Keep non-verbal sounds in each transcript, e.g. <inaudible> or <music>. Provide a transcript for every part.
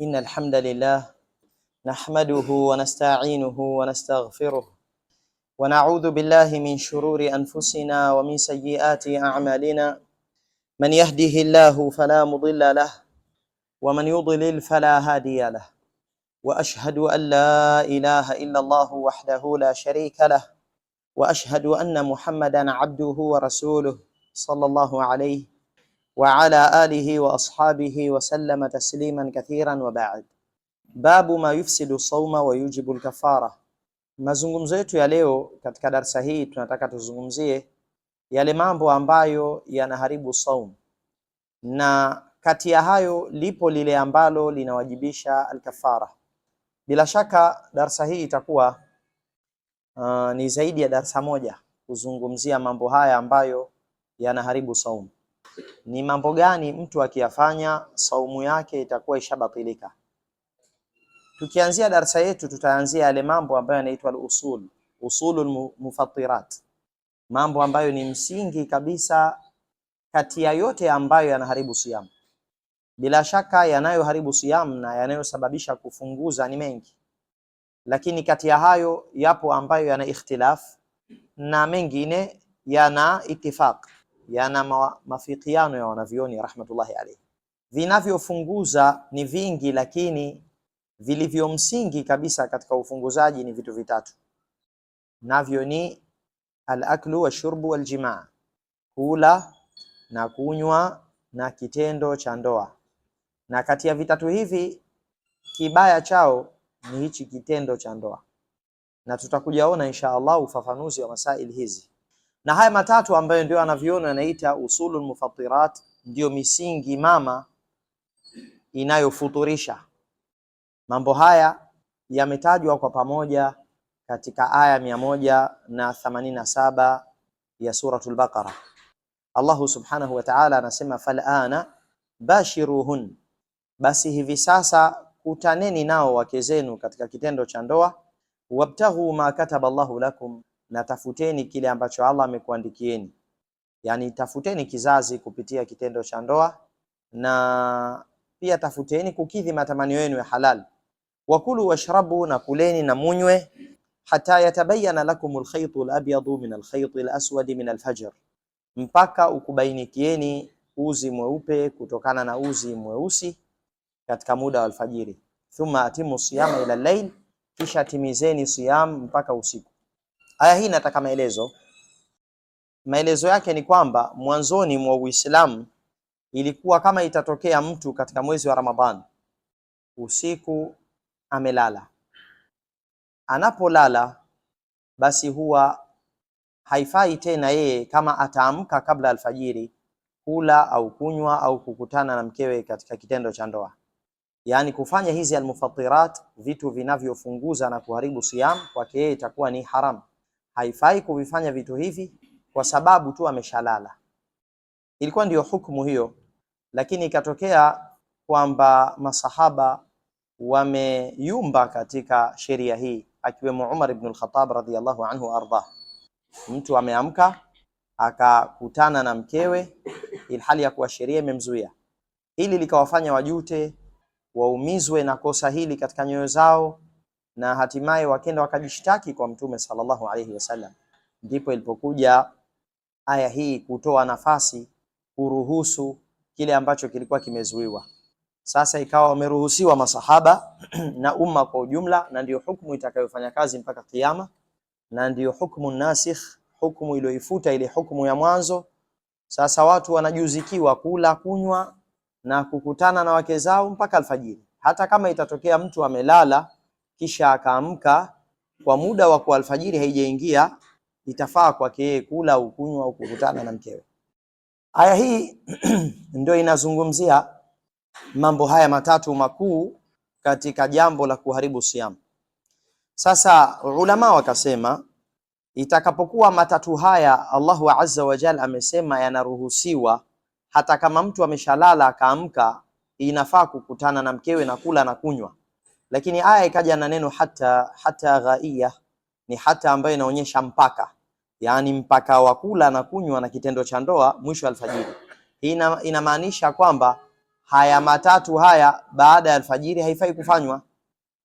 إن الحمد لله نحمده ونستعينه ونستغفره ونعوذ بالله من شرور أنفسنا ومن سيئات أعمالنا من يهده الله فلا مضل له ومن يضلل فلا هادي له وأشهد أن لا إله إلا الله وحده لا شريك له وأشهد أن محمدا عبده ورسوله صلى الله عليه wa ala alihi wa ashabihi wa sallama tasliman kathiran wa ba'd. Babu ma yufsidu sawma wa yujibu al-kafara. Mazungumzo yetu ya leo katika darsa hii, tunataka tuzungumzie yale mambo ambayo yanaharibu saum, na kati ya hayo lipo lile ambalo linawajibisha al-kafara. Bila shaka darsa hii itakuwa uh, ni zaidi ya darsa moja kuzungumzia mambo haya ambayo yanaharibu saum ni mambo gani mtu akiyafanya saumu yake itakuwa ishabatilika. Tukianzia darsa yetu, tutaanzia yale mambo ambayo yanaitwa al-usul, usulul mufattirat, mambo ambayo ni msingi kabisa kati ya yote ambayo yanaharibu siamu. Bila shaka yanayoharibu siamu na yanayosababisha kufunguza ni mengi, lakini kati ya hayo yapo ambayo yana ikhtilaf na mengine yana itifaq yana mafikiano ya wanavyoni rahmatullahi alayhi. Vinavyofunguza ni vingi, lakini vilivyo msingi kabisa katika ufunguzaji ni vitu vitatu, navyo ni alaklu washurbu waljimaa, kula na kunywa na kitendo cha ndoa. Na kati ya vitatu hivi kibaya chao ni hichi kitendo cha ndoa, na tutakujaona insha Allah ufafanuzi wa masaili hizi na haya matatu ambayo ndio anaviona anaita usulul mufattirat, ndiyo misingi mama inayofuturisha. Mambo haya yametajwa kwa pamoja katika aya mia moja na themanini na saba ya suratul Baqara. Allahu subhanahu wa ta'ala anasema falana bashiruhun, basi hivi sasa kutaneni nao wake zenu katika kitendo cha ndoa, wabtaghu ma kataba Allahu lakum na tafuteni kile ambacho Allah amekuandikieni, yani tafuteni kizazi kupitia kitendo cha ndoa, na pia tafuteni kukidhi matamanio yenu ya halal. Wakulu washrabu, na kuleni na munywe, hata yatabayana lakum alkhaytu alabyadu min alkhayti alaswadi min alfajr, mpaka ukubainikieni uzi mweupe kutokana na uzi mweusi katika muda wa alfajiri. Thumma atimu siyama ila llail layl kisha timizeni siyam mpaka usiku. Aya hii nataka maelezo. Maelezo yake ni kwamba mwanzoni mwa Uislamu ilikuwa kama itatokea mtu katika mwezi wa Ramadhani usiku amelala, anapolala basi huwa haifai tena yeye kama ataamka kabla alfajiri kula au kunywa au kukutana na mkewe katika kitendo cha ndoa, yaani kufanya hizi almufattirat, vitu vinavyofunguza na kuharibu siam kwake yeye itakuwa ni haram haifai kuvifanya vitu hivi kwa sababu tu ameshalala. Ilikuwa ndiyo hukumu hiyo, lakini ikatokea kwamba masahaba wameyumba katika sheria hii, akiwemo Umar ibn al-Khattab radhiyallahu anhu arda. Mtu ameamka akakutana na mkewe, ilhali ya kuwa sheria imemzuia. Hili likawafanya wajute, waumizwe na kosa hili katika nyoyo zao na hatimaye wakenda wakajishtaki kwa Mtume sallallahu alaihi wasallam, ndipo ilipokuja aya hii kutoa nafasi kuruhusu kile ambacho kilikuwa kimezuiwa. Sasa ikawa wameruhusiwa masahaba <clears throat> na umma kwa ujumla, na ndiyo hukumu itakayofanya kazi mpaka kiyama, na ndiyo hukumu nasikh, hukumu iliyoifuta ile hukumu ya mwanzo. Sasa watu wanajuzikiwa kula, kunywa na kukutana na wake zao mpaka alfajiri, hata kama itatokea mtu amelala kisha akaamka kwa muda wa kualfajiri alfajiri haijaingia, itafaa kwake yeye kula au kunywa au kukutana na mkewe. Aya hii <clears throat> ndio inazungumzia mambo haya matatu makuu katika jambo la kuharibu siamu. Sasa ulama wakasema itakapokuwa matatu haya Allahu azza wa jalla amesema yanaruhusiwa, hata kama mtu ameshalala akaamka, inafaa kukutana na mkewe na kula na kunywa lakini aya ikaja na neno hata, hata ghaia ni hata ambayo inaonyesha mpaka, yaani mpaka wa kula na kunywa na kitendo cha ndoa mwisho alfajiri. Hii ina, inamaanisha kwamba haya matatu haya baada ya alfajiri haifai kufanywa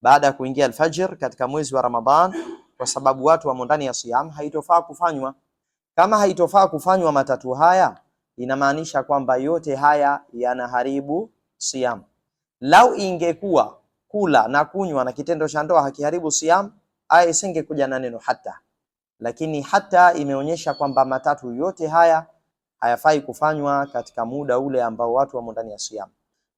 baada ya kuingia alfajir katika mwezi wa Ramadhan, kwa sababu watu wamo ndani ya siyam, haitofaa kufanywa. Kama haitofaa kufanywa matatu haya, inamaanisha kwamba yote haya yanaharibu siyam. Lau ingekuwa kula na kunywa na kitendo cha ndoa hakiharibu siam, aya kuja na neno hata, lakini hata imeonyesha kwamba matatu yote haya hayafai kufanywa katika muda ule ambao watu wamo ndani ya siam,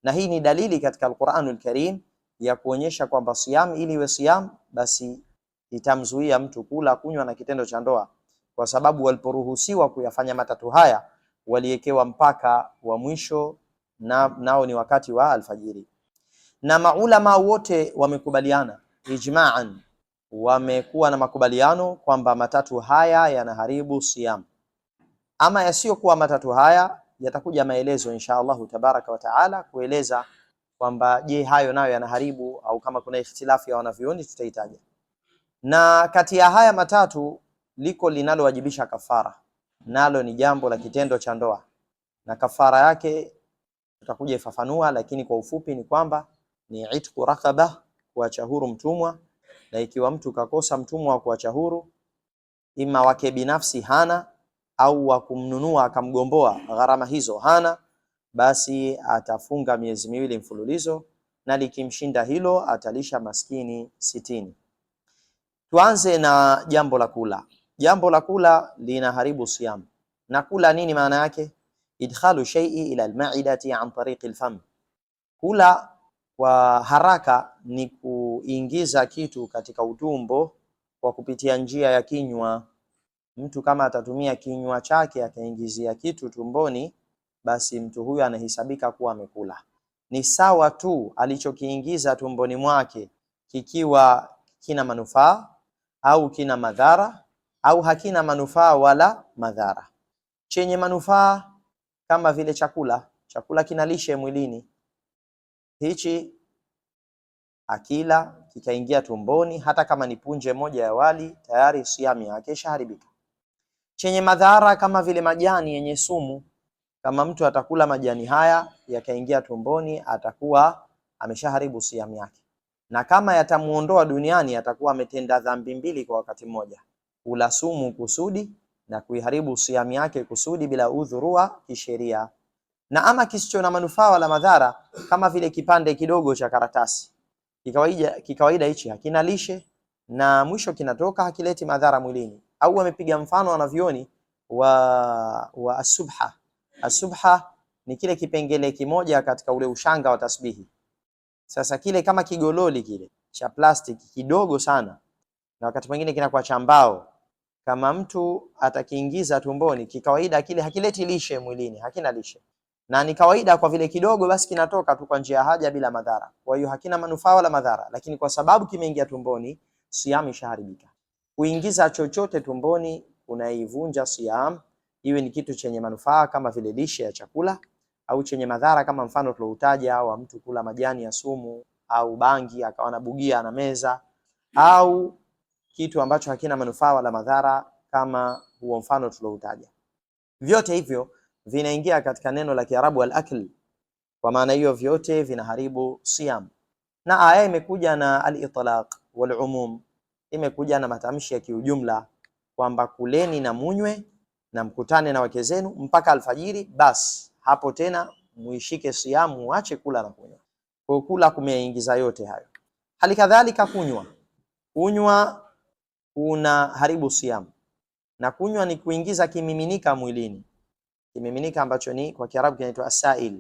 na hii ni dalili katika Alquranul Karim ya kuonyesha kwamba siam ili iwe siam basi itamzuia mtu kula, kunywa na kitendo cha ndoa, kwa sababu waliporuhusiwa kuyafanya matatu haya waliwekewa mpaka wa mwisho na, nao ni wakati wa alfajiri na maulama wote wamekubaliana ijma'an, wamekuwa na makubaliano kwamba matatu haya yanaharibu siyam. Ama yasiyokuwa matatu haya yatakuja maelezo insha Allahu tabaraka wa taala kueleza kwamba je, hayo nayo yanaharibu au kama kuna ikhtilafu ya wanavyoni tutaitaja. Na kati ya haya matatu liko linalowajibisha kafara, nalo ni jambo la kitendo cha ndoa, na kafara yake tutakuja ifafanua, lakini kwa ufupi ni kwamba ni itqu rakaba, kuacha huru mtumwa. Na ikiwa mtu kakosa mtumwa wa kuacha huru, ima wake binafsi hana au wa kumnunua akamgomboa, gharama hizo hana, basi atafunga miezi miwili mfululizo, na likimshinda hilo atalisha maskini sitini. Tuanze na jambo la kula. Jambo la kula linaharibu siam. Na kula nini maana yake? Idkhalu shay'i ila almaidati an tariqi alfam, kula kwa haraka ni kuingiza kitu katika utumbo kwa kupitia njia ya kinywa. Mtu kama atatumia kinywa chake akaingizia kitu tumboni, basi mtu huyo anahesabika kuwa amekula. Ni sawa tu alichokiingiza tumboni mwake kikiwa kina manufaa au kina madhara au hakina manufaa wala madhara. Chenye manufaa kama vile chakula, chakula kina lishe mwilini hichi akila kikaingia tumboni, hata kama ni punje moja ya wali, tayari siamu yake ishaharibika. Chenye madhara kama vile majani yenye sumu, kama mtu atakula majani haya yakaingia tumboni, atakuwa ameshaharibu siamu yake, na kama yatamuondoa duniani, atakuwa ametenda dhambi mbili kwa wakati mmoja, kula sumu kusudi na kuiharibu siamu yake kusudi bila udhuru wa kisheria na ama kisicho na manufaa wala madhara, kama vile kipande kidogo cha karatasi. Kikawaida kikawaida hichi hakina lishe na mwisho kinatoka hakileti madhara mwilini. Au amepiga mfano wanavyoni wa, wa asubha. Asubha ni kile kipengele kimoja katika ule ushanga wa tasbihi. Sasa kile kama kigololi kile cha plastic kidogo sana, na wakati mwingine kinakuwa cha mbao. Kama mtu atakiingiza tumboni, kikawaida kile hakileti lishe mwilini, hakina lishe na ni kawaida, kwa vile kidogo basi kinatoka tu kwa njia ya haja bila madhara, kwa hiyo hakina manufaa wala madhara, lakini kwa sababu kimeingia tumboni, siamu ishaharibika. Kuingiza chochote tumboni unaivunja siamu, iwe ni kitu chenye manufaa kama vile lishe ya chakula au chenye madhara kama mfano tuloutaja wa mtu kula majani ya sumu au bangi akawa na bugia na meza, au kitu ambacho hakina manufaa wala madhara kama huo mfano tuloutaja. Vyote hivyo vinaingia katika neno la Kiarabu al-akl. Kwa maana hiyo vyote vinaharibu siyam, na aya imekuja na al-itlaq wal-umum, imekuja na matamshi ya kiujumla kwamba kuleni na munywe na mkutane na wake zenu mpaka alfajiri, basi hapo tena muishike siyamu, muache kula na kunywa. Kwa kula kumeingiza yote hayo, hali kadhalika kunywa. Kunywa kuna haribu siyamu, na kunywa ni kuingiza kimiminika mwilini kimiminika ambacho ni kwa Kiarabu kinaitwa asail.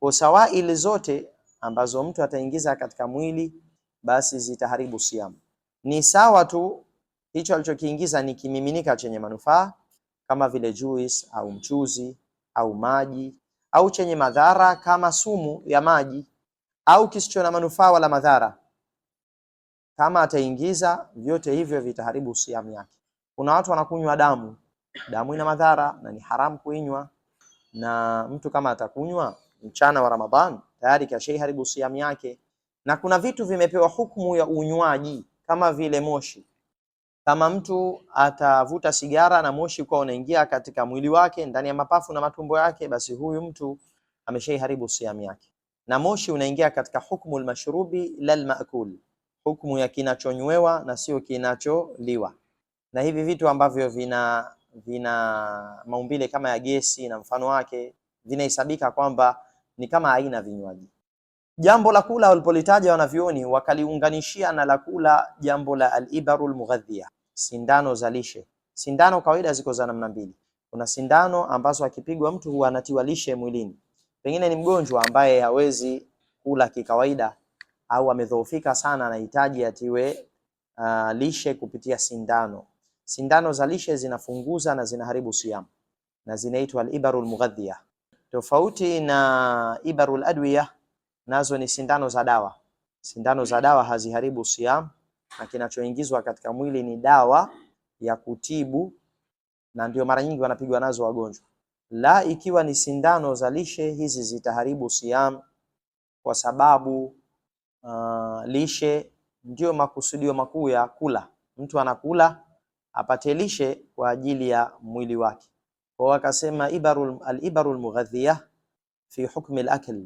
Kwa sawail zote ambazo mtu ataingiza katika mwili basi zitaharibu siamu. Ni sawa tu hicho alichokiingiza ni kimiminika chenye manufaa kama vile juice au mchuzi au maji au chenye madhara kama sumu ya maji au kisicho na manufaa wala madhara, kama ataingiza vyote hivyo vitaharibu siamu yake. Kuna watu wanakunywa damu Damu ina madhara na ni haramu kuinywa, na mtu kama atakunywa mchana wa Ramadhan tayari haribu siamu yake. Na kuna vitu vimepewa hukumu ya unywaji kama vile moshi. Kama mtu atavuta sigara na moshi ukawa unaingia katika mwili wake ndani ya mapafu na matumbo yake, basi huyu mtu haribu siamu yake. Na moshi unaingia katika hukmu almashrubi maakul, hukmu ya kinachonywewa na sio kinacholiwa, na hivi vitu ambavyo vina vina maumbile kama ya gesi na mfano wake, vinahesabika kwamba ni kama aina vinywaji. Jambo la kula walipolitaja wanavyoni wakaliunganishia na la kula jambo la al-ibarul mughadhia, sindano za lishe. Sindano kawaida ziko za namna mbili. Kuna sindano ambazo akipigwa mtu huwa anatiwa lishe mwilini, pengine ni mgonjwa ambaye hawezi kula kikawaida au amedhoofika sana, anahitaji atiwe uh, lishe kupitia sindano. Sindano za lishe zinafunguza na zinaharibu siamu na zinaitwa al-ibarul mughadhiya, tofauti na ibarul adwiya, nazo ni sindano za dawa. Sindano za dawa haziharibu siamu, na kinachoingizwa katika mwili ni dawa ya kutibu, na ndio mara nyingi wanapigwa nazo wagonjwa. La, ikiwa ni sindano za lishe, hizi zitaharibu siamu kwa sababu uh, lishe ndio makusudio makuu ya kula. Mtu anakula apate lishe kwa ajili ya mwili wake. Kwa wakasema ibarul, al-ibarul mughadhiyah fi hukmi al-akl,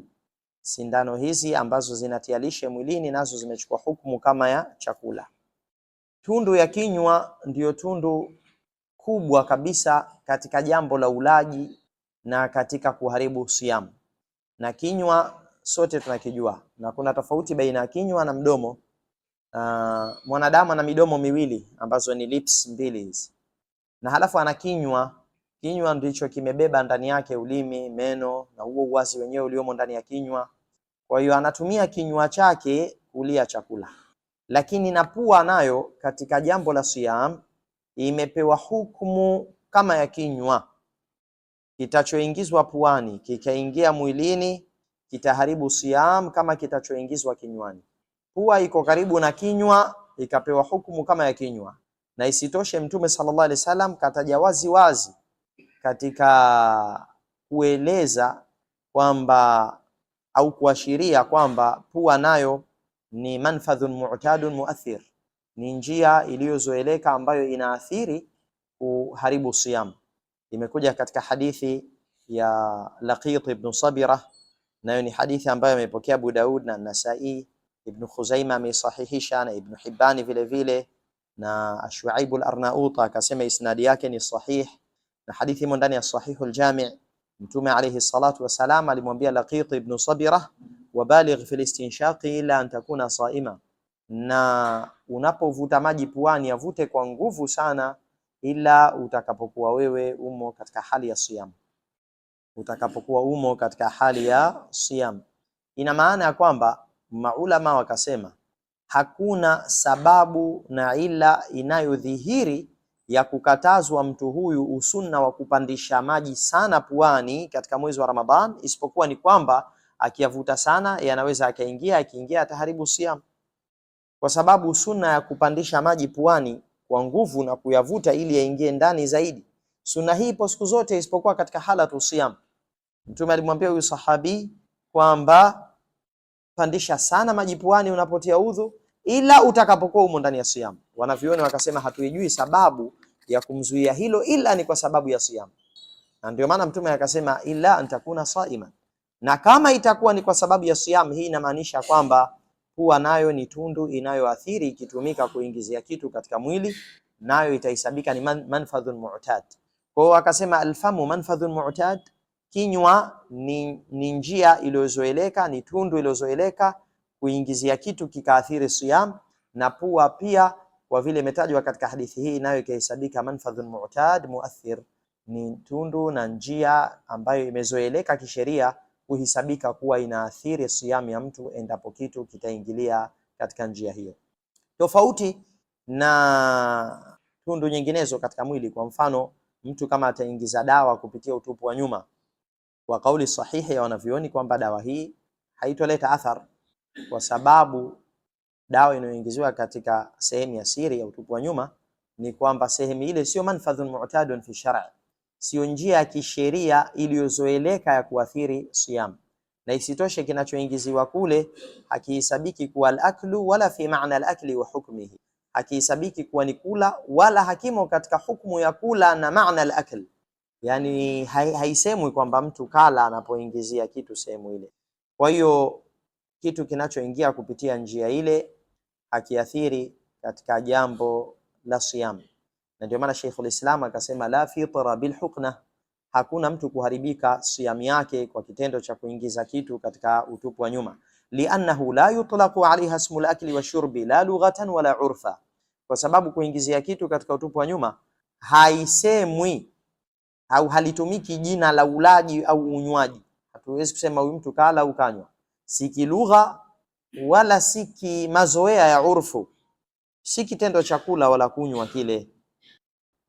sindano hizi ambazo zinatia lishe mwilini nazo zimechukua hukumu kama ya chakula. Tundu ya kinywa ndiyo tundu kubwa kabisa katika jambo la ulaji na katika kuharibu siamu, na kinywa sote tunakijua, na kuna tofauti baina ya kinywa na mdomo Uh, mwanadamu ana midomo miwili ambazo ni lips mbili hizi, na halafu ana kinywa. Kinywa ndicho kimebeba ndani yake ulimi, meno na huo uwazi wenyewe uliomo ndani ya kinywa. Kwa hiyo anatumia kinywa chake kulia chakula, lakini na pua nayo katika jambo la siyam imepewa hukumu kama ya kinywa. Kitachoingizwa puani kikaingia mwilini kitaharibu siyam kama kitachoingizwa kinywani huwa iko karibu na kinywa ikapewa hukumu kama ya kinywa. Na isitoshe Mtume sallallahu alaihi wasallam kataja wazi wazi katika kueleza kwamba au kuashiria kwamba pua nayo ni manfadhun mu'tadun muathir, ni njia iliyozoeleka ambayo inaathiri kuharibu siyam. Imekuja katika hadithi ya Laqit ibn Sabira, nayo ni hadithi ambayo amepokea Abu Daud na Nasa'i Ibn Khuzaima ameisahihisha na Ibn Hibani vile vile, na Shuaib al-Arnauta akasema isnadi yake ni sahih, na hadithi imo ndani ya Sahih al-Jami'. Mtume alayhi salatu wasalam alimwambia Laqit ibn Sabira, wabaligh fil istinshaqi ila an takuna saima, na unapovuta maji puani yavute kwa nguvu sana, ila utakapokuwa wewe umo katika hali ya siyam, utakapokuwa umo katika hali ya siyam. Ina maana ya kwamba maulama wakasema hakuna sababu na ila inayodhihiri ya kukatazwa mtu huyu usunna wa kupandisha maji sana puani katika mwezi wa Ramadhan, isipokuwa ni kwamba akiyavuta sana yanaweza akaingia, akiingia ataharibu siam, kwa sababu sunna ya kupandisha maji puani kwa nguvu na kuyavuta ili yaingie ndani zaidi, sunna hii ipo siku zote isipokuwa katika halatu siam. Mtume alimwambia huyu sahabi kwamba pandisha sana maji puani unapotia udhu, ila utakapokuwa umo ndani ya siamu. Wanavyoona wakasema hatuijui sababu ya kumzuia hilo, ila ni kwa sababu ya siamu, na ndio maana Mtume akasema ila antakuna saiman, na kama itakuwa ni kwa sababu ya siamu, hii inamaanisha kwamba pua nayo ni tundu inayoathiri ikitumika kuingizia kitu katika mwili, nayo itahesabika ni manfadhun mu'tad. Kwa hiyo akasema alfamu manfadhun mu'tad Kinywa ni, ni njia iliyozoeleka, ni tundu iliyozoeleka kuingizia kitu kikaathiri siyam, na pua pia kwa vile imetajwa katika hadithi hii, nayo ikahesabika manfadhun mu'tad muathir, ni tundu na njia ambayo imezoeleka kisheria kuhisabika kuwa inaathiri siyam ya mtu endapo kitu kitaingilia katika njia hiyo, tofauti na tundu nyinginezo katika mwili. Kwa mfano, mtu kama ataingiza dawa kupitia utupu wa nyuma wa kauli sahihi ya wanavyoni kwamba dawa hii haitoleta athar, kwa sababu dawa inayoingiziwa katika sehemu ya siri ya utupu wa nyuma ni kwamba sehemu ile sio manfadhun mu'tadun fi shar'i, sio njia ya kisheria iliyozoeleka ya kuathiri siyam. Na isitoshe kinachoingiziwa kule hakihisabiki kuwa al-aklu wala fi ma'na al-akli wa hukmihi, hakihisabiki kuwa ni kula wala hakimo katika hukumu ya kula na ma'na al akli yani haisemwi kwamba mtu kala anapoingizia kitu sehemu ile. Kwa hiyo kitu kinachoingia kupitia njia ile hakiathiri katika jambo la siyam, na ndio maana Sheikh Islam akasema la fitra bil hukna, hakuna mtu kuharibika siyam yake kwa kitendo cha kuingiza kitu katika utupu wa nyuma, liannahu la yutlaqu alaiha smul akli washurbi la lughatan wala urfa, kwa sababu kuingizia kitu katika utupu wa nyuma haisemwi au halitumiki jina la ulaji au unywaji. Hatuwezi kusema huyu mtu kala au kanywa, si kilugha wala si kimazoea ya urfu, si kitendo cha kula wala kunywa kile.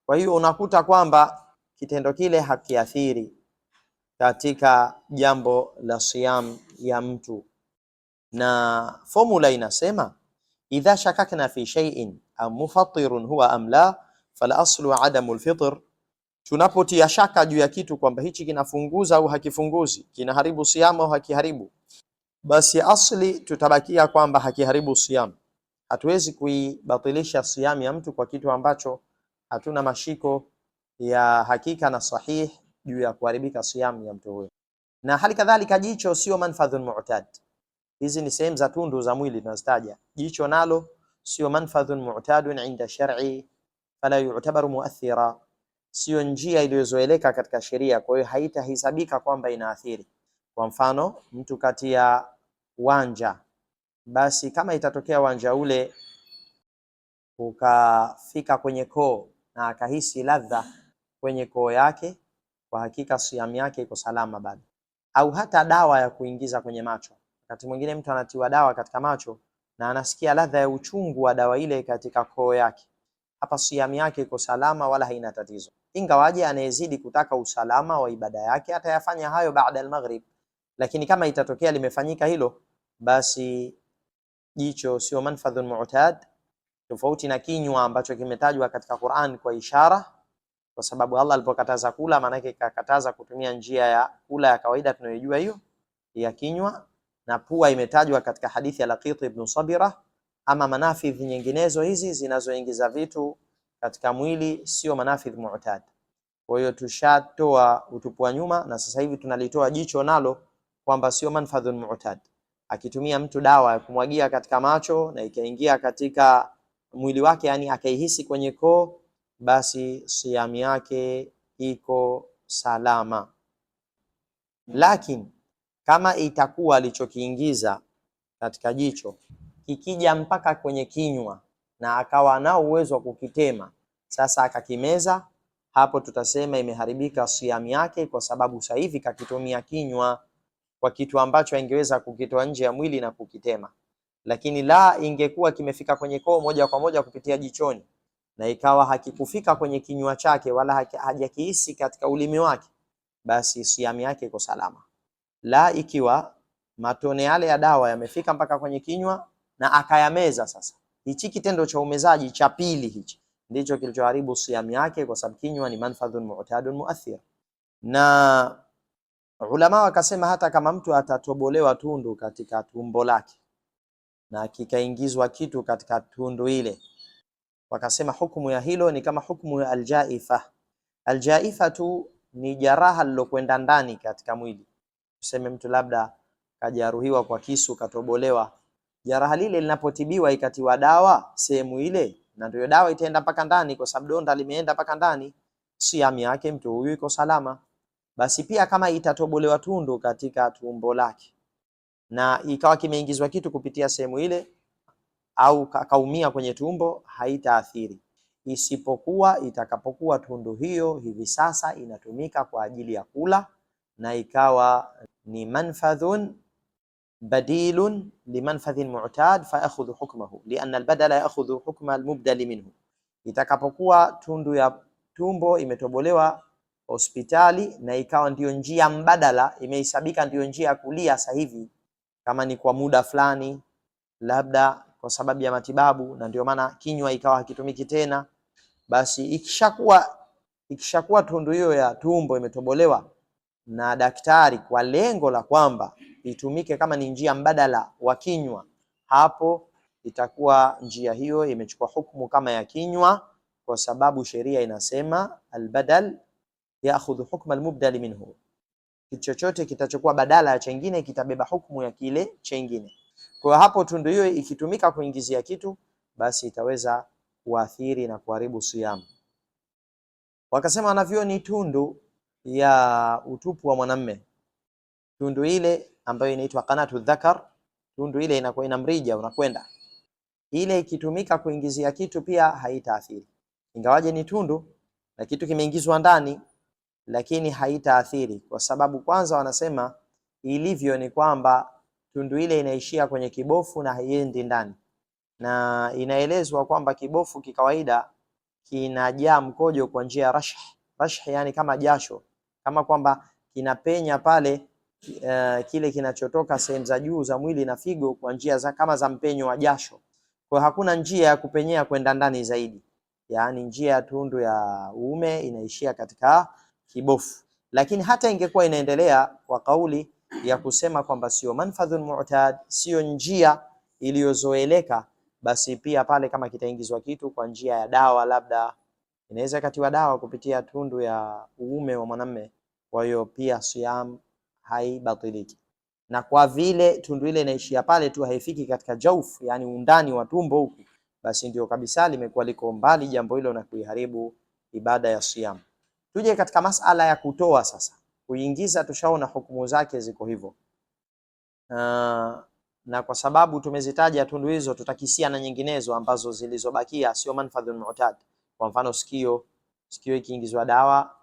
Kwa hiyo unakuta kwamba kitendo kile hakiathiri katika jambo la siyam ya mtu, na formula inasema idha shakakna fi shay'in am mufattirun huwa am la fal aslu adamu lfitr tunapotia shaka juu ya kitu kwamba hichi kinafunguza au hakifunguzi, kinaharibu siamu au hakiharibu, basi asli tutabakia kwamba hakiharibu siamu. Hatuwezi kuibatilisha siamu ya mtu kwa kitu ambacho hatuna mashiko ya hakika na sahih juu ya kuharibika siamu ya mtu huyo. Na hali kadhalika jicho sio manfadhun mu'tad. Hizi ni sehemu za tundu za mwili tunazitaja. Jicho nalo sio manfadhun mu'tadun inda shar'i fala yu'tabaru mu'athira sio njia iliyozoeleka katika sheria, kwa hiyo haitahesabika kwamba inaathiri. Kwa mfano mtu kati ya wanja, basi kama itatokea wanja ule ukafika kwenye koo na akahisi ladha kwenye koo yake, kwa hakika siamu yake iko salama bado. Au hata dawa ya kuingiza kwenye macho. Wakati mwingine mtu anatiwa dawa katika macho na anasikia ladha ya uchungu wa dawa ile katika koo yake, hapa siamu yake iko salama, wala haina tatizo ingawaje anayezidi kutaka usalama wa ibada yake atayafanya hayo baada al-maghrib, lakini kama itatokea limefanyika hilo, basi jicho sio manfadhun mu'tad, tofauti na kinywa ambacho kimetajwa katika Qur'an kwa ishara, kwa sababu Allah alipokataza kula, maana yake kakataza kutumia njia ya kula ya kawaida tunayojua hiyo ya kinywa, na pua imetajwa katika hadithi ya Laqit ibn Sabira. Ama manafidhi nyinginezo hizi zinazoingiza vitu katika mwili sio manafidh mu'tad. Kwa hiyo tushatoa utupu wa nyuma na sasa hivi tunalitoa jicho nalo kwamba sio manfadhun mu'tad. Akitumia mtu dawa ya kumwagia katika macho na ikaingia katika mwili wake, yani akaihisi kwenye koo, basi siamu yake iko salama, lakini kama itakuwa alichokiingiza katika jicho kikija mpaka kwenye kinywa na akawa anao uwezo wa kukitema, sasa akakimeza, hapo tutasema imeharibika siamu yake, kwa sababu sasa hivi kakitumia kinywa kwa kitu ambacho angeweza kukitoa nje ya mwili na kukitema. Lakini la ingekuwa kimefika kwenye koo moja kwa moja kupitia jichoni na ikawa hakikufika kwenye kinywa chake wala hajakihisi katika ulimi wake, basi siamu yake iko salama. La ikiwa matone yale ya dawa yamefika mpaka kwenye kinywa na akayameza sasa Hichi kitendo cha umezaji cha pili hichi ndicho kilichoharibu siamu yake, kwa sababu kinywa ni manfadhun mu'tadun muathir. Na ulama wakasema hata kama mtu atatobolewa tundu katika tumbo lake na kikaingizwa kitu katika tundu ile, wakasema hukumu ya hilo ni kama hukumu ya aljaifa. Aljaifa tu ni jaraha lilokwenda ndani katika mwili, tuseme mtu labda kajaruhiwa kwa kisu, katobolewa Jeraha lile linapotibiwa ikatiwa dawa sehemu ile, na ndio dawa itaenda mpaka ndani, kwa sababu donda limeenda mpaka ndani, siamu yake mtu huyu iko salama. Basi pia kama itatobolewa tundu katika tumbo lake na ikawa kimeingizwa kitu kupitia sehemu ile au kaumia kwenye tumbo, haitaathiri isipokuwa itakapokuwa tundu hiyo hivi sasa inatumika kwa ajili ya kula na ikawa ni manfadhun badilun limanfadhin mu'tad faakhudhu hukmahu lianna albadala yaakhudhu hukma almubdali minhu, itakapokuwa tundu ya tumbo imetobolewa hospitali na ikawa ndiyo njia mbadala, imehesabika ndiyo njia ya kulia sasa hivi, kama ni kwa muda fulani, labda kwa sababu ya matibabu, na ndio maana kinywa ikawa hakitumiki tena. Basi ikishakuwa ikishakuwa tundu hiyo ya tumbo imetobolewa na daktari kwa lengo la kwamba itumike kama ni njia mbadala wa kinywa, hapo itakuwa njia hiyo imechukua hukumu kama ya kinywa, kwa sababu sheria inasema albadal yaakhudhu hukma almubdal minhu, kitu chochote kitachokuwa badala ya chengine kitabeba hukumu ya kile chengine. Kwa hapo tundu hiyo ikitumika kuingizia kitu, basi itaweza kuathiri na kuharibu siamu. Wakasema wanavyoni tundu ya utupu wa mwanamme, tundu ile ambayo inaitwa qanatu dhakar, tundu ile inakuwa ina mrija unakwenda. Ile ikitumika kuingizia kitu pia haitaathiri, ingawaje ni tundu na kitu kimeingizwa ndani, lakini haitaathiri kwa sababu kwanza wanasema ilivyo ni kwamba tundu ile inaishia kwenye kibofu na haiendi ndani, na inaelezwa kwamba kibofu kikawaida kinajaa mkojo kwa njia ya rashh. Rashh yani kama jasho, kama kwamba kinapenya pale uh, kile kinachotoka sehemu za juu za mwili na figo kwa njia za, kama za mpenyo wa jasho. Kwa hakuna njia ya kupenyea kwenda ndani zaidi, yaani njia ya tundu ya uume inaishia katika kibofu. Lakini hata ingekuwa inaendelea kwa kauli ya kusema kwamba sio manfadhun mu'tad, sio njia iliyozoeleka, basi pia pale kama kitaingizwa kitu kwa njia ya dawa, labda inaweza katiwa dawa kupitia tundu ya uume wa mwanamme, kwa hiyo pia siam haibatiliki, na kwa vile tundu ile inaishia pale tu, haifiki katika jaufu, yani undani wa tumbo huku, basi ndio kabisa limekuwa liko mbali jambo hilo na kuiharibu ibada ya siyam. Tuje katika masala ya kutoa sasa. Kuingiza tushaona hukumu zake ziko hivyo, ah, na kwa sababu tumezitaja tundu hizo, tutakisia na nyinginezo ambazo zilizobakia sio manfadhul mu'tad. Kwa mfano sikio, sikio ikiingizwa dawa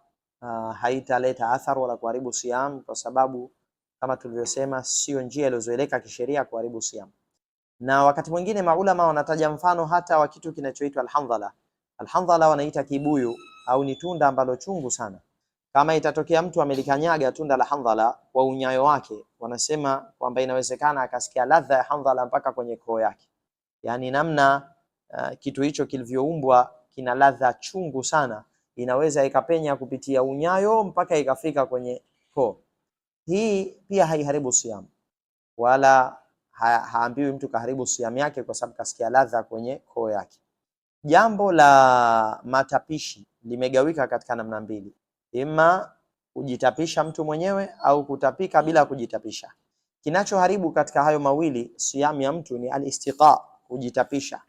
Uh, haitaleta athari wala kuharibu siam, kwa sababu kama tulivyosema, sio njia iliyozoeleka kisheria kuharibu siam. Na wakati mwingine maulama wanataja mfano hata wa kitu kinachoitwa alhamdhala. Alhamdhala wanaita kibuyu au ni tunda ambalo chungu sana. Kama itatokea mtu amelikanyaga tunda la hamdhala kwa unyayo wake, wanasema kwamba inawezekana akasikia ladha ya hamdhala mpaka kwenye koo yake, yaani namna uh, kitu hicho kilivyoumbwa kina ladha chungu sana inaweza ikapenya kupitia unyayo mpaka ikafika kwenye koo. Hii pia haiharibu siamu wala ha haambiwi mtu kaharibu siamu yake, kwa sababu kasikia ladha kwenye koo yake. Jambo la matapishi limegawika katika namna mbili, ima kujitapisha mtu mwenyewe au kutapika bila kujitapisha. Kinachoharibu katika hayo mawili siamu ya mtu ni alistiqa, kujitapisha,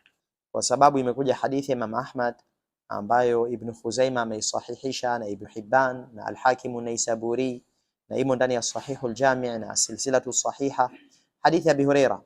kwa sababu imekuja hadithi ya Imam Ahmad ambayo Ibn Khuzaima ameisahihisha na Ibn Hibban na Al-Hakim Naisaburi na imo ndani ya Sahihul Jami' na Silsilatu Sahiha, hadithi ya Abi Huraira,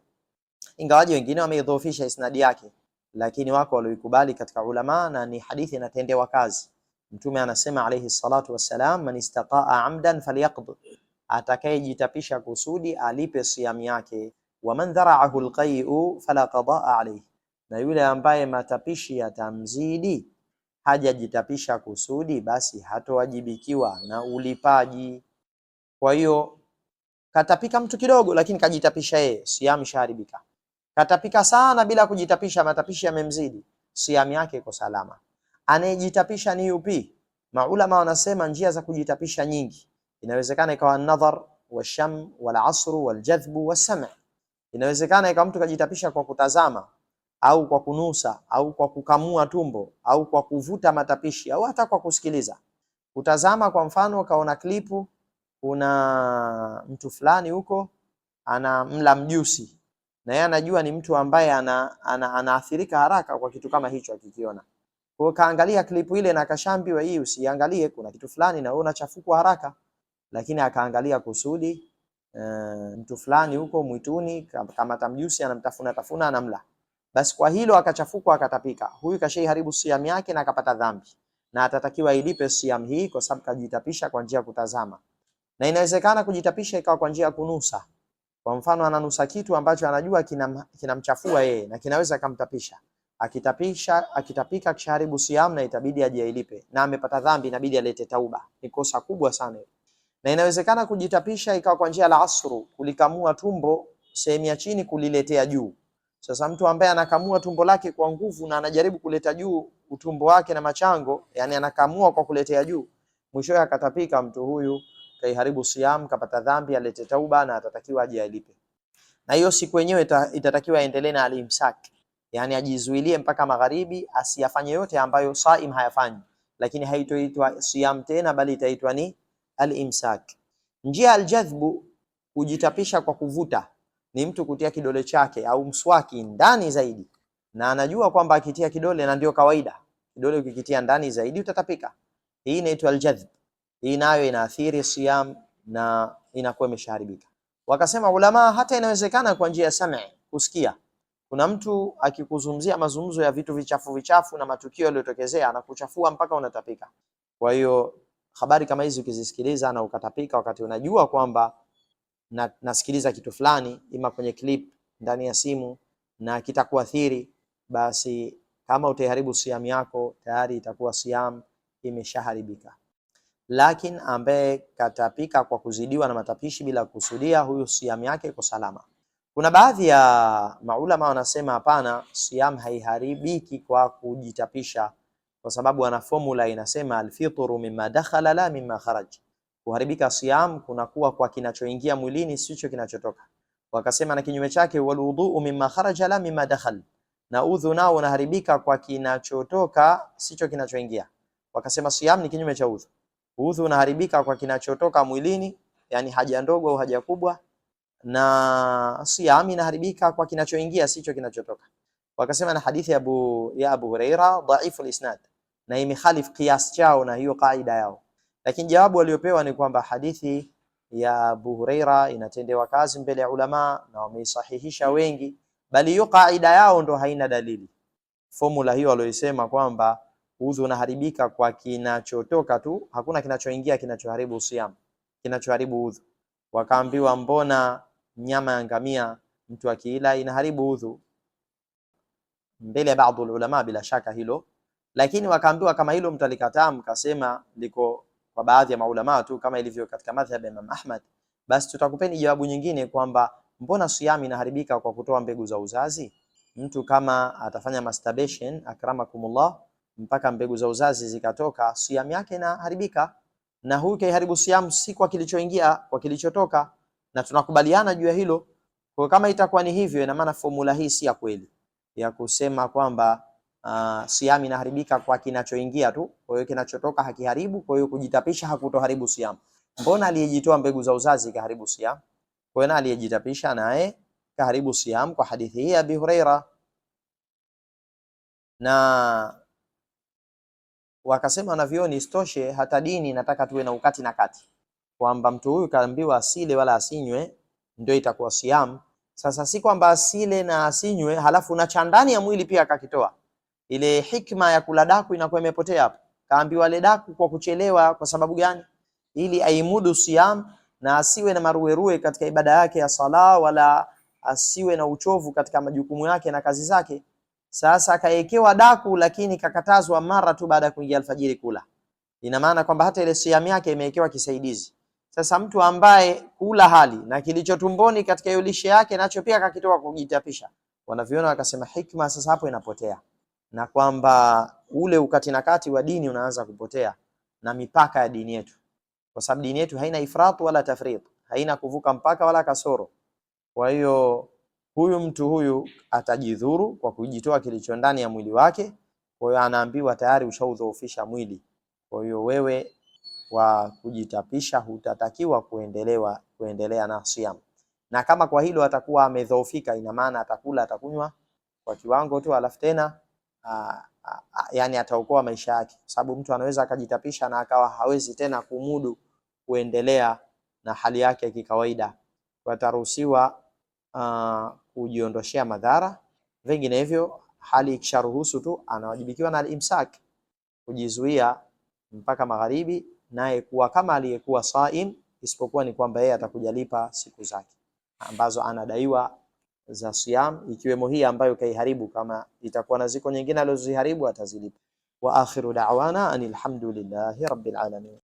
ingawaji wengine wameidhoofisha isnadi yake, lakini wako walioikubali katika ulama na ni hadithi inatendewa kazi. Mtume anasema alayhi salatu wassalam, man istaqaa amdan falyaqdi, atakayejitapisha kusudi alipe siamu yake. Wa man dharaahu alqai'u fala qadaa alayhi, na yule ambaye matapishi yatamzidi hajajitapisha kusudi, basi hatowajibikiwa na ulipaji. Kwa hiyo katapika mtu kidogo, lakini kajitapisha yeye, siamu shaharibika. Katapika sana bila kujitapisha, matapishi yamemzidi, siamu yake iko salama. Anayejitapisha ni yupi? Maulama wanasema njia za kujitapisha nyingi, inawezekana ikawa nadhar washam walasru wa wassam, inawezekana ikawa mtu kajitapisha kwa kutazama au kwa kunusa au kwa kukamua tumbo au kwa kuvuta matapishi au hata kwa kusikiliza. Utazama kwa mfano, ukaona klipu, kuna mtu fulani huko ana mla mjusi, na yeye anajua ni mtu ambaye ana, ana, anaathirika haraka kwa kitu kama hicho akikiona. Kwa hiyo kaangalia klipu ile na akashambiwa, hii usiangalie, kuna kitu fulani na wewe unachafuka haraka, lakini akaangalia kusudi. E, mtu fulani huko mwituni kamata mjusi, anamtafuna tafuna, anamla basi kwa hilo akachafuka akatapika, huyu kashaiharibu siamu yake na akapata dhambi, na atatakiwa ilipe siamu hii kwa sababu kajitapisha kwa njia ya kutazama, na inawezekana kujitapisha ikawa kwa njia ya kunusa. Kwa mfano, ananusa kitu ambacho anajua kinamchafua kina yeye na kinaweza kumtapisha, akitapisha akitapika, kisharibu siamu na itabidi aje ailipe, na amepata dhambi, inabidi alete tauba. Ni kosa kubwa sana Na inawezekana kujitapisha ikawa kwa njia la asru, kulikamua tumbo sehemu ya chini kuliletea juu sasa mtu ambaye anakamua tumbo lake kwa nguvu na anajaribu kuleta juu utumbo wake na machango, yani anakamua kwa kuletea juu, mwishowe akatapika, mtu huyu kaiharibu siam, kapata dhambi, alete tauba na atatakiwa aje alipe. Na hiyo siku yenyewe itatakiwa aendelee na alimsak, yani ajizuilie mpaka magharibi, asiyafanye yote ambayo saim hayafanyi, lakini haitoitwa siam tena, bali itaitwa ni alimsak. Njia aljadhbu, kujitapisha kwa kuvuta ni mtu kutia kidole chake au mswaki ndani zaidi, na anajua kwamba akitia kidole, na ndio kawaida, kidole ukikitia ndani zaidi utatapika. Hii inaitwa aljadhb. Hii nayo inaathiri siyam na inakuwa imeshaharibika. Wakasema ulama, hata inawezekana kwa njia ya sam'i, kusikia. Kuna mtu akikuzungumzia mazungumzo ya vitu vichafu vichafu na matukio yaliyotokezea na kuchafua mpaka unatapika. Kwa hiyo habari kama hizi ukizisikiliza na ukatapika wakati unajua kwamba na nasikiliza kitu fulani, ima kwenye clip ndani ya simu na kitakuathiri, basi kama utaiharibu siamu yako tayari itakuwa siamu imeshaharibika. Lakini ambaye katapika kwa kuzidiwa na matapishi bila kusudia, huyu siamu yake iko salama. Kuna baadhi ya maulama wanasema hapana, siamu haiharibiki kwa kujitapisha, kwa sababu ana formula inasema alfituru mimma dakhala la mimma kharaja Kuharibika siyam kunakuwa kwa kinachoingia mwilini sicho kinachotoka. Wakasema na kinyume chake, walwudhu mimma kharaja la mimma dakhal, na udhu nao unaharibika kwa kinachotoka sicho kinachoingia. Wakasema siam ni kinyume cha udhu. Udhu unaharibika kwa kinachotoka mwilini, yani haja ndogo au haja kubwa, na siam inaharibika kwa kinachoingia sicho kinachotoka. Wakasema na hadithi ya Abu ya Abu Huraira dhaifu al-isnad, na imekhalifu qiyas chao na hiyo kaida yao lakini jawabu waliopewa ni kwamba hadithi ya Abu Huraira inatendewa kazi mbele ya ulama na wameisahihisha wengi, bali hiyo kaida yao ndo haina dalili. Formula hiyo walioisema kwamba udhu unaharibika kwa kinachotoka tu, hakuna kinachoingia kinachoharibu siam, kinachoharibu udhu. Wakaambiwa mbona nyama ya ngamia mtu akiila inaharibu udhu, mbele ya baadhi ulama, bila shaka hilo. Lakini wakaambiwa kama hilo mtalikataa, mkasema liko kwa baadhi ya maulama tu kama ilivyo katika madhhabi ya Imam Ahmad, basi tutakupeni jawabu nyingine kwamba mbona siyamu inaharibika kwa kutoa mbegu za uzazi? Mtu kama atafanya masturbation, akramakumullah, mpaka mbegu za uzazi zikatoka, siyamu yake inaharibika. Na huyu kaiharibu siyam si kwa kilichoingia, kwa kilichotoka, na tunakubaliana juu ya hilo. Kwa kama itakuwa ni hivyo, ina maana formula hii si ya kweli ya kusema kwamba uh, ah, siamu inaharibika kwa kinachoingia tu, kwa hiyo kinachotoka hakiharibu, kwa hiyo kujitapisha hakutoharibu siamu. Mbona aliyejitoa mbegu za uzazi kaharibu siamu? Kwa hiyo aliyejitapisha naye kaharibu siamu kwa hadithi hii ya Abi Huraira. Na wakasema na vioni, istoshe, hata dini nataka tuwe na ukati na kati, kwamba mtu huyu kaambiwa asile wala asinywe, ndio itakuwa siamu. Sasa si kwamba asile na asinywe halafu na chandani ya mwili pia akakitoa ile hikma ya kula daku inakuwa imepotea hapo. Kaambiwa ile daku kwa kuchelewa. Kwa sababu gani? Ili aimudu siyam na asiwe na maruerue katika ibada yake ya sala, wala asiwe na uchovu katika majukumu yake na kazi zake. Sasa akaekewa daku, lakini kakatazwa mara tu baada ya kuingia alfajiri kula. Ina maana kwamba hata ile siyam yake imewekewa kisaidizi. Sasa mtu ambaye kula hali na kilicho tumboni katika hiyo lishe yake nacho pia kakitoka kujitapisha, wanaviona wakasema hikma sasa hapo inapotea na kwamba ule ukati na kati wa dini unaanza kupotea na mipaka ya dini yetu, kwa sababu dini yetu haina ifrat wala tafrit, haina kuvuka mpaka wala kasoro. Kwa hiyo huyu mtu huyu atajidhuru kwa kujitoa kilicho ndani ya mwili wake. Kwa hiyo anaambiwa tayari ushaudhoofisha mwili, kwa hiyo wewe wa kujitapisha hutatakiwa kuendelewa kuendelea na siam, na kama kwa hilo atakuwa amedhoofika, ina maana atakula atakunywa kwa kiwango tu, alafu tena aa, yani ataokoa maisha yake, kwa sababu mtu anaweza akajitapisha na akawa hawezi tena kumudu kuendelea na hali yake ya kikawaida, wataruhusiwa kujiondoshea madhara. Vinginevyo hali ikisharuhusu tu anawajibikiwa na alimsak, kujizuia mpaka magharibi, naye kuwa kama aliyekuwa saim, isipokuwa ni kwamba yeye atakujalipa siku zake ambazo anadaiwa za siyam ikiwemo hii ambayo kaiharibu. Kama itakuwa na ziko nyingine alizoziharibu atazilipa. Wa akhiru da'wana anilhamdulillahi rabbil alamin.